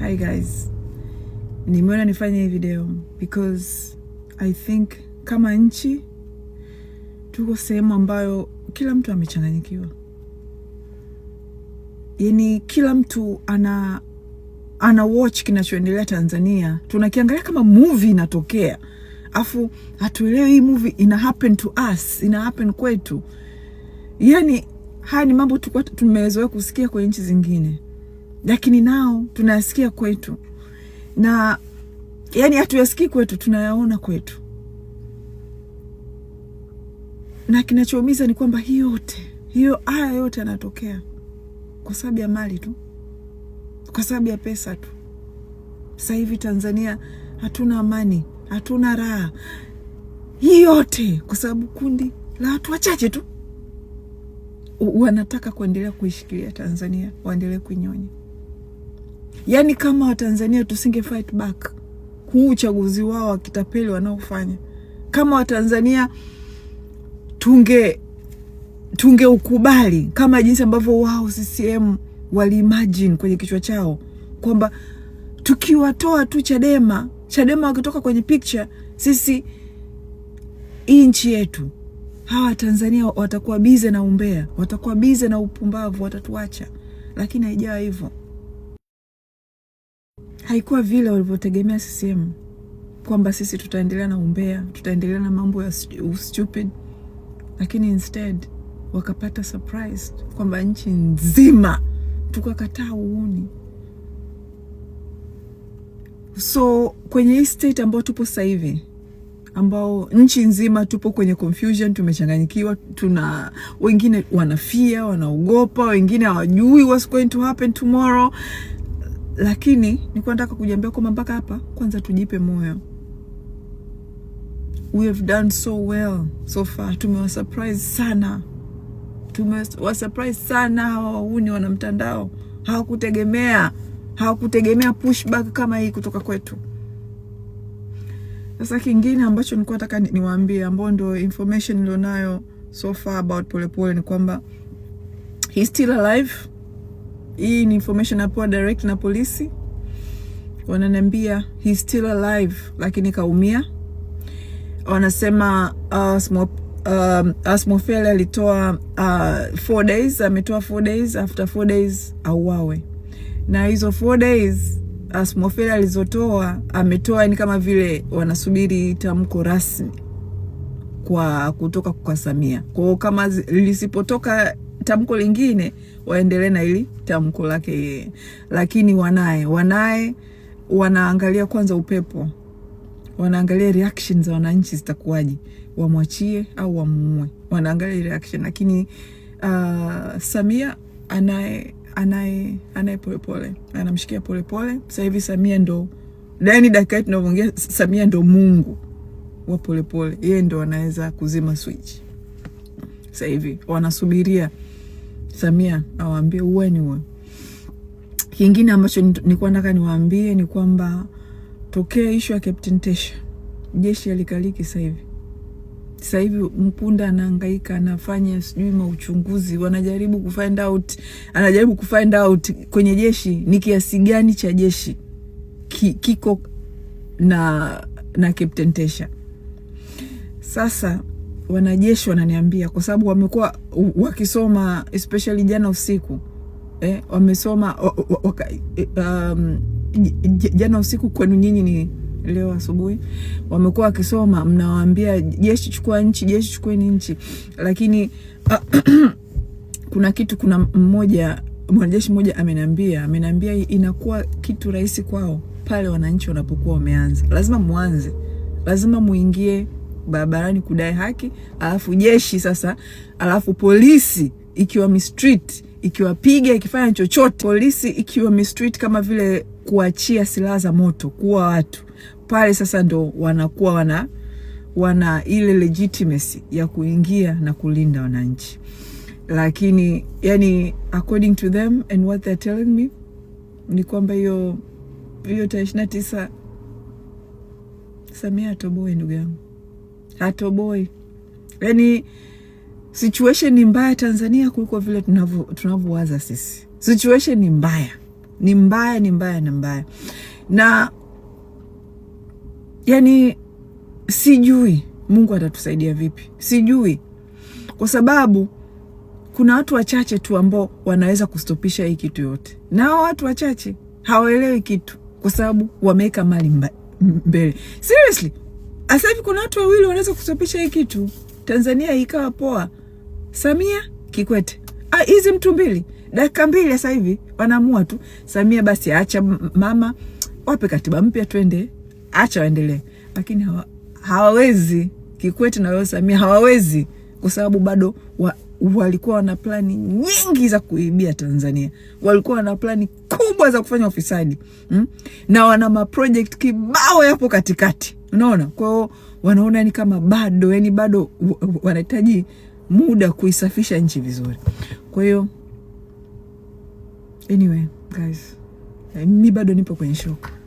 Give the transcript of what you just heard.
Hi guys, nimeona nifanye hii video because I think kama nchi tuko sehemu ambayo kila mtu amechanganyikiwa, yaani kila mtu ana ana watch kinachoendelea Tanzania, tunakiangalia kama movie inatokea, afu hatuelewi hii movie ina happen to us, ina happen kwetu. Yani haya ni mambo tumezoea kusikia kwenye nchi zingine lakini nao tunayasikia kwetu, na yani hatuyasikii kwetu, tunayaona kwetu, na kinachoumiza ni kwamba hii yote hiyo, haya yote yanatokea kwa sababu ya mali tu, kwa sababu ya pesa tu. Sasa hivi Tanzania hatuna amani, hatuna raha. Hii yote kwa sababu kundi la watu wachache tu wanataka kuendelea kuishikilia Tanzania, waendelee kuinyonya. Yaani kama Watanzania tusinge fight back huu uchaguzi wao wa kitapeli wanaofanya, kama Watanzania tunge tungeukubali kama jinsi ambavyo wao CCM waliimagine kwenye kichwa chao kwamba tukiwatoa tu Chadema, Chadema wakitoka kwenye picture, sisi hii nchi yetu, hawa Tanzania watakuwa bize na umbea, watakuwa bize na upumbavu, watatuacha. Lakini haijawa hivyo haikuwa vile walivyotegemea CCM kwamba sisi tutaendelea na umbea, tutaendelea na mambo ya stupid, lakini instead wakapata surprise kwamba nchi nzima tukakataa uuni. So kwenye hii state ambayo tupo sasa hivi, ambao nchi nzima tupo kwenye confusion, tumechanganyikiwa, tuna wengine wanafia, wanaogopa, wengine hawajui what's going to happen tomorrow lakini nilikuwa nataka kujiambia kwamba mpaka hapa kwanza tujipe moyo. We have done so well so far. Tumewasurprise sana, tumewasurprise sana hawa wauni wanamtandao. Hawakutegemea, hawakutegemea pushback kama hii kutoka kwetu. Sasa kingine ambacho nilikuwa nataka niwaambie, ambao ndo information nilionayo so far about Polepole ni kwamba hi still alive hii ni information napewa direct na polisi, wananiambia he still alive, lakini kaumia. Wanasema Asmofeli uh, uh, alitoa uh, four days, ametoa four days, after four days auawe, na hizo four days Asmofeli alizotoa ametoa, ni kama vile wanasubiri tamko rasmi kwa kutoka kwa Samia kwao, kama lisipotoka tamko lingine, waendelee na ili tamko lake yeye. Lakini wanaye wanaye wanaangalia kwanza upepo, wanaangalia reaction za wananchi zitakuwaje, wamwachie au wamuue, wanaangalia reaction. Lakini uh, Samia anaye anaye anaye polepole, anamshikia polepole. Sasa hivi Samia ndo yani, dakika hii tunavyoongea, Samia ndo Mungu wa polepole, yeye ndo anaweza kuzima switch. Sasa hivi wanasubiria Samia awaambie uweni we. Kingine ambacho nilikuwa nataka niwaambie ni kwamba tokea ishu ya Captain Tesha jeshi alikaliki sasa hivi. Sasa hivi Mpunda anahangaika, anafanya sijui mauchunguzi, wanajaribu kufind out, anajaribu kufind out kwenye jeshi ni kiasi gani cha jeshi ki, kiko na na Captain Tesha sasa wanajeshi wananiambia, kwa sababu wamekuwa wakisoma especially jana usiku eh, wamesoma waka, eh, um, jana usiku kwenu nyinyi ni leo asubuhi, wamekuwa wakisoma, mnawaambia jeshi chukua nchi, jeshi chukueni nchi, lakini uh, kuna kitu, kuna mmoja mwanajeshi mmoja ameniambia, ameniambia inakuwa kitu rahisi kwao pale wananchi wanapokuwa wameanza. Lazima muanze, lazima muingie barabarani kudai haki, alafu jeshi sasa, alafu polisi ikiwa mistreat ikiwapiga ikifanya chochote, polisi ikiwa mistreat kama vile kuachia silaha za moto kuwa watu pale, sasa ndo wanakuwa wana wana ile legitimacy ya kuingia na kulinda wananchi, lakini yani according to them and what they're telling me ni kwamba hiyo hiyo tarehe ishirini na tisa Samia atoboe, ndugu yangu hatoboi. Yani situation ni mbaya Tanzania kuliko vile tunavyowaza sisi. Situation ni mbaya, ni mbaya, ni mbaya, ni mbaya na yani sijui Mungu atatusaidia vipi, sijui kwa sababu kuna watu wachache tu ambao wanaweza kustopisha hii kitu yote, na hao watu wachache hawaelewi kitu, kwa sababu wameweka mali mbele. Seriously, sasa hivi kuna watu wawili wanaweza kustopisha hii kitu, Tanzania ikawa poa. Samia Kikwete, Ah, hizi mtu mbili, dakika mbili sasa hivi wanaamua tu. Samia basi acha mama, wape katiba mpya, twende, acha waendelee, lakini hawa, hawawezi Kikwete na wao Samia hawawezi kwa sababu bado wa, walikuwa wana plani nyingi za kuibia Tanzania, walikuwa wana plani kubwa za kufanya ufisadi hmm? na wana maprojekt kibao yapo katikati Unaona, kwao wanaona yani kama bado yani bado wanahitaji muda kuisafisha nchi vizuri. Kwa hiyo anyway guys, mi bado nipo kwenye shoka.